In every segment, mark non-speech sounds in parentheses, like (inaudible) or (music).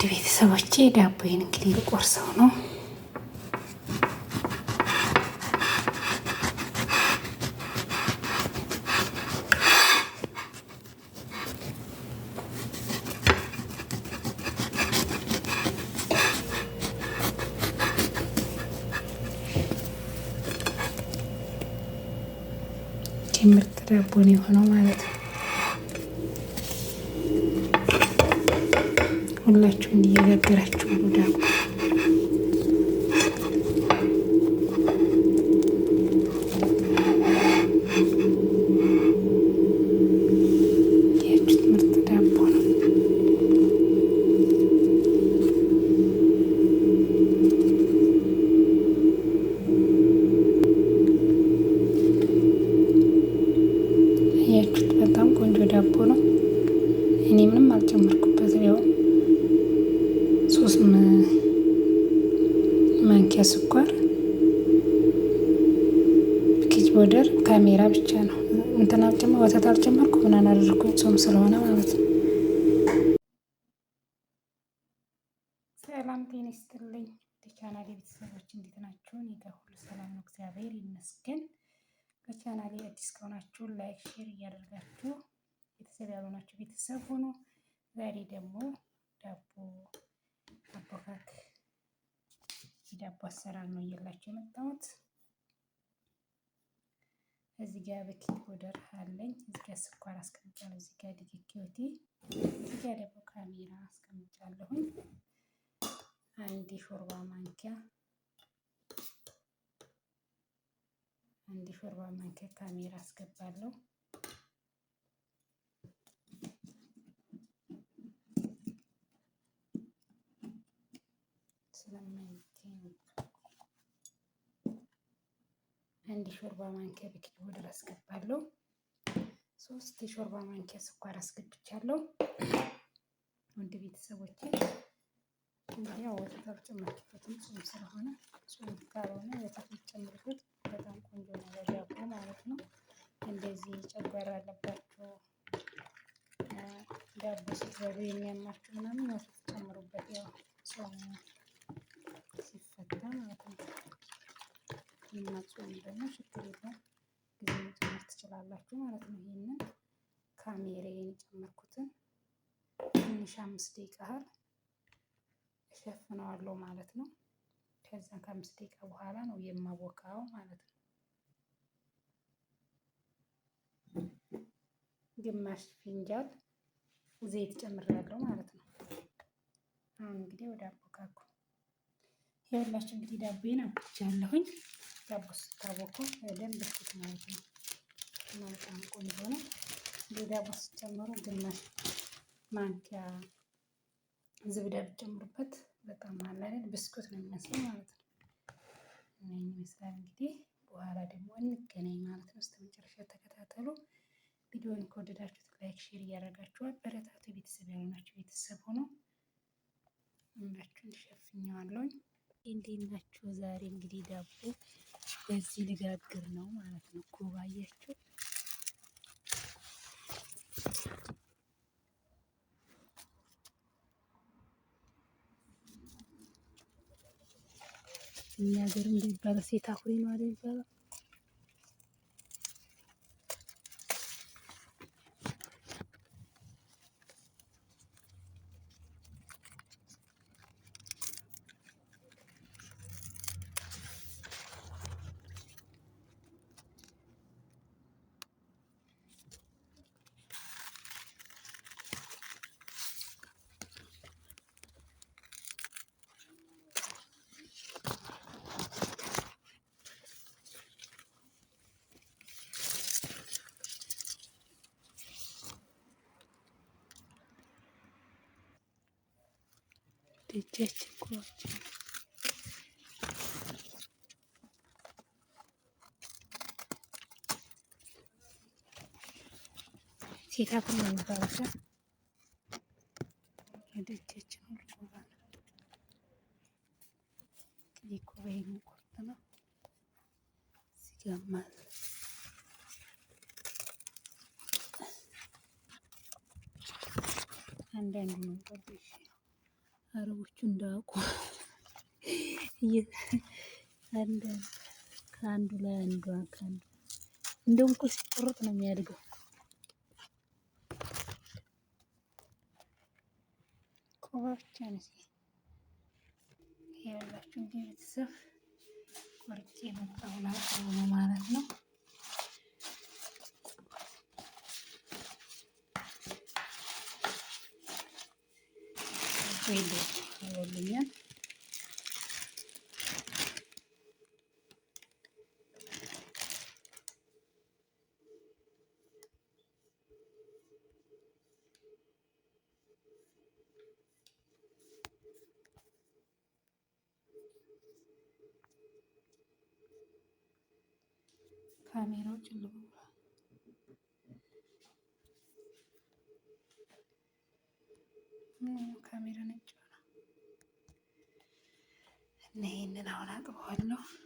ውድ ቤተሰቦቼ ዳቦዬን እንግዲህ ልቆርሰው ነው። ምርጥ ዳቦ የሆነው ማለት ነው። ሁላችሁም እየጋገራችሁ ነው ደግሞ ያችሁት በጣም ቆንጆ ዳቦ ነው። ማንኪያ ስኳር ፒኬጅ ቦርደር ካሜራ ብቻ ነው። እንትን አልጨመር ወተት አልጨመርኩ ምናምን አደረኩኝ ጾም ስለሆነ ማለት ነው። ሰላም ጤና ይስጥልኝ የቻናሌ ቤተሰቦች እንዴት ናችሁ? እኔ ጋር ሁሉ ሰላም ነው፣ እግዚአብሔር ይመስገን። በቻናሌ አዲስ ከሆናችሁ ላይክ፣ ሼር እያደርጋችሁ ቤተሰብ ያልሆናችሁ ቤተሰብ ሆኖ ዛሬ ደግሞ ዳቦ አቦካክ ዳቦ አሰራር ነው እየላችሁ የመጣሁት። እዚህ ጋር ቤኪንግ ፓውደር አለኝ። እዚህ ጋር ስኳር አስቀምጫለሁ። እዚህ ጋር ዲኬቲ፣ እዚህ ጋር ደግሞ ካሜራ አስቀምጫለሁኝ። አንድ ሾርባ ማንኪያ አንድ ሾርባ ማንኪያ ካሜራ አስገባለሁ። የሾርባ ማንኪያ ቤኪንግ ፓውደር አስገባለሁ። ሶስት የሾርባ ማንኪያ ስኳር አስገብቻለሁ። ወንድ ቤተሰቦቼ እንግዲህ ያው ወተት አልጨመርኩበትም ጾም ስለሆነ ጾም ካልሆነ ወተት ብትጨምሩበት በጣም ቆንጆ ነገር ያውቁ ማለት ነው። እንደዚህ ጨጓራ አለባቸው ዳቦ ስትበሉ የሚያማችሁ ምናምን ወተት ጨምሩበት ያው ጾም ወይም ደግሞ ችግር የለም ጊዜ መጨመር ትችላላችሁ ማለት ነው። ይህንን ካሜራ የጨመርኩትን ትንሽ አምስት ደቂቃ ያህል እሸፍነዋለሁ ማለት ነው። ከዛ ከአምስት ደቂቃ በኋላ ነው የማቦካው ማለት ነው። ግማሽ ፊንጃል ዘይት ጨምሬያለሁ ማለት ነው። አሁን እንግዲህ ወደ አቦካኩ ይኸውላችሁ እንግዲህ ዳቦዬን አቦክቻለሁኝ። ዳቦ ስታቦኩ በደንብ እሽት ማለት ነው እና ቆንጆ ነው። ዳቦ ስጨምሩ ግማሽ ማንኪያ ዝብዳ ብጨምሩበት በጣም አላለን ብስኩት ነው የሚመስለው ማለት ነው። እና ይመስላል እንግዲህ በኋላ ደግሞ እንገናኝ ማለት ነው። እስከ መጨረሻ ተከታተሉ። ቪዲዮውን ከወደዳችሁት ላይክ፣ ሼር እያደረጋችሁ አበረታቱ። ቤተሰብ ያልሆናችሁ ቤተሰብ ሆኖ ሁላችሁን ሸፍኘዋለሁኝ። እንዴት ናችሁ? ዛሬ እንግዲህ ዳቦ በዚህ ልጋግር ነው ማለት ነው። ኩባያችሁ እኛ ሀገር እንደ ሴት አኩሪ ነው አይደል ይባላል። Kijiji kote. Sita kumwengaza ngende kijiji mlukubana kurtana? yimukutana sigamaza አንዳንድ መንገዶች አረቦቹ እንዳውቁ (laughs) ከአንዱ ላይ አንዱ ከአንዱ እንደውም እኮ ሲቆረጥ ነው የሚያድገው። ቆባ ነው ያላችሁ እንግዲህ ቤተሰብ ቆርጬ ማለት ነው። cebolinha. de luva. Hum, câmera, né? እና ይህንን አሁን አጥበዋለሁ።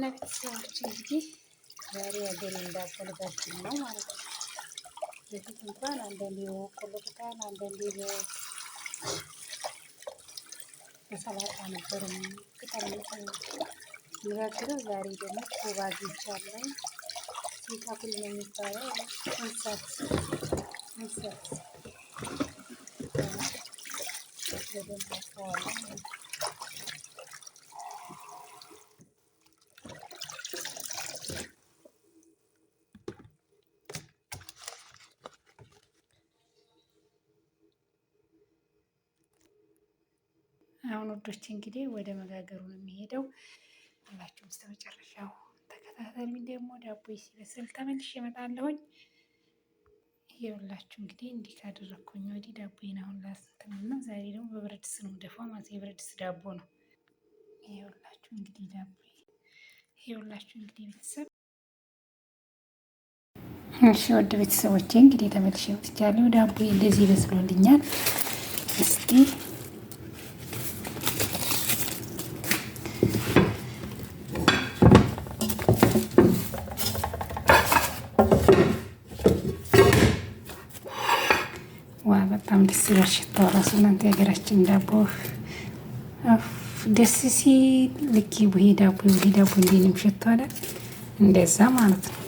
እና ቤተሰቦች እንግዲህ ዛሬ ያገሬ እንዳቆልጋችን ነው ማለት ነው። በፊት እንኳን አንዳንዴ ቆልቁታል፣ አንዳንዴ በሰላጣ ነበር የሚጋግረው። ዛሬ ደግሞ ኮባ አግኝቻለሁ። ነው የሚባለው እንሰት እንሰት በደንብ አስተዋለ ውዶች እንግዲህ ወደ መጋገሩ ነው የሚሄደው። ሁላችሁም እስከ መጨረሻው ተከታተሉ። ደግሞ ዳቦ ሲበስል ተመልሼ እመጣለሁኝ። ይኸውላችሁ እንግዲህ እንዲህ ካደረግኩኝ ወዲህ ዳቦዬን አሁን ላስትና ዛሬ ደግሞ በብረት ድስት ነው የምደፋው ማለት የብረት ድስት ዳቦ ነው። ይኸውላችሁ እንግዲህ ዳቦ ይኸውላችሁ እንግዲህ ቤተሰብ እሺ ወደ ቤተሰቦቼ እንግዲህ ተመልሼ መጥቻለሁ። ዳቦ እንደዚህ ይበስሎልኛል እስቲ ደስ ይላል። ሽታው ራሱ እናንተ የሀገራችን ዳቦ ደስ ሲል ልክ ቡሄ ዳቦ ቡሄ ዳቦ እንዲንም ሽቶ አለ እንደዛ ማለት ነው።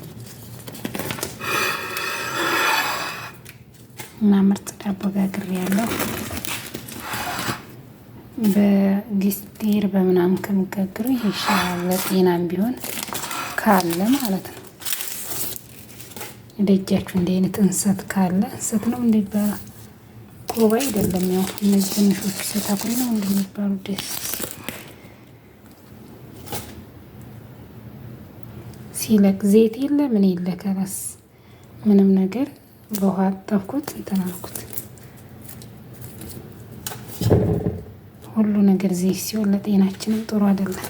እና ምርጥ ዳቦ ጋግር ያለው በግስቴር በምናምን ከምጋግሩ ይሻላል። ለጤናም ቢሆን ካለ ማለት ነው። ደጃችሁ እንደ አይነት እንሰት ካለ እንሰት ነው እንደ ይባላል ቆባ አይደለም። ያው እነዚህ ትንሾቹ ሰታኩሪ ነው እንደሚባሉ ደስ ሲለቅ ዘይት የለ ምን የለ ከራስ ምንም ነገር በውሃ አጠብኩት እንትን አልኩት። ሁሉ ነገር ዘይት ሲሆን ለጤናችንም ጥሩ አይደለም።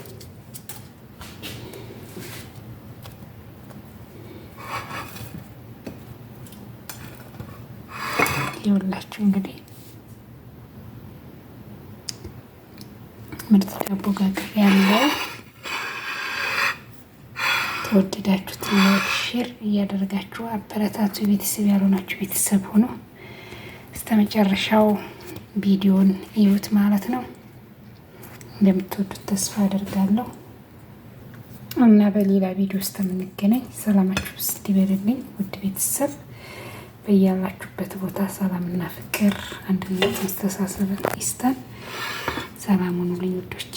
ይኸውላችሁ እንግዲህ ምርጥ ዳቦ ጋግሬ ያለው ተወደዳችሁት ላይክ ሼር እያደረጋችሁ አበረታቱ። ቤተሰብ ያልሆናችሁ ቤተሰብ ሆኖ እስከ መጨረሻው ቪዲዮን እዩት ማለት ነው። እንደምትወዱት ተስፋ አደርጋለሁ እና በሌላ ቪዲዮ ውስጥ የምንገናኝ ሰላማችሁ ውስጥ ይበልልኝ። ውድ ቤተሰብ በያላችሁበት ቦታ ሰላምና ፍቅር፣ አንድነት፣ መስተሳሰብን ይስጠን። ሰላም ሁኑልኝ ውዶች።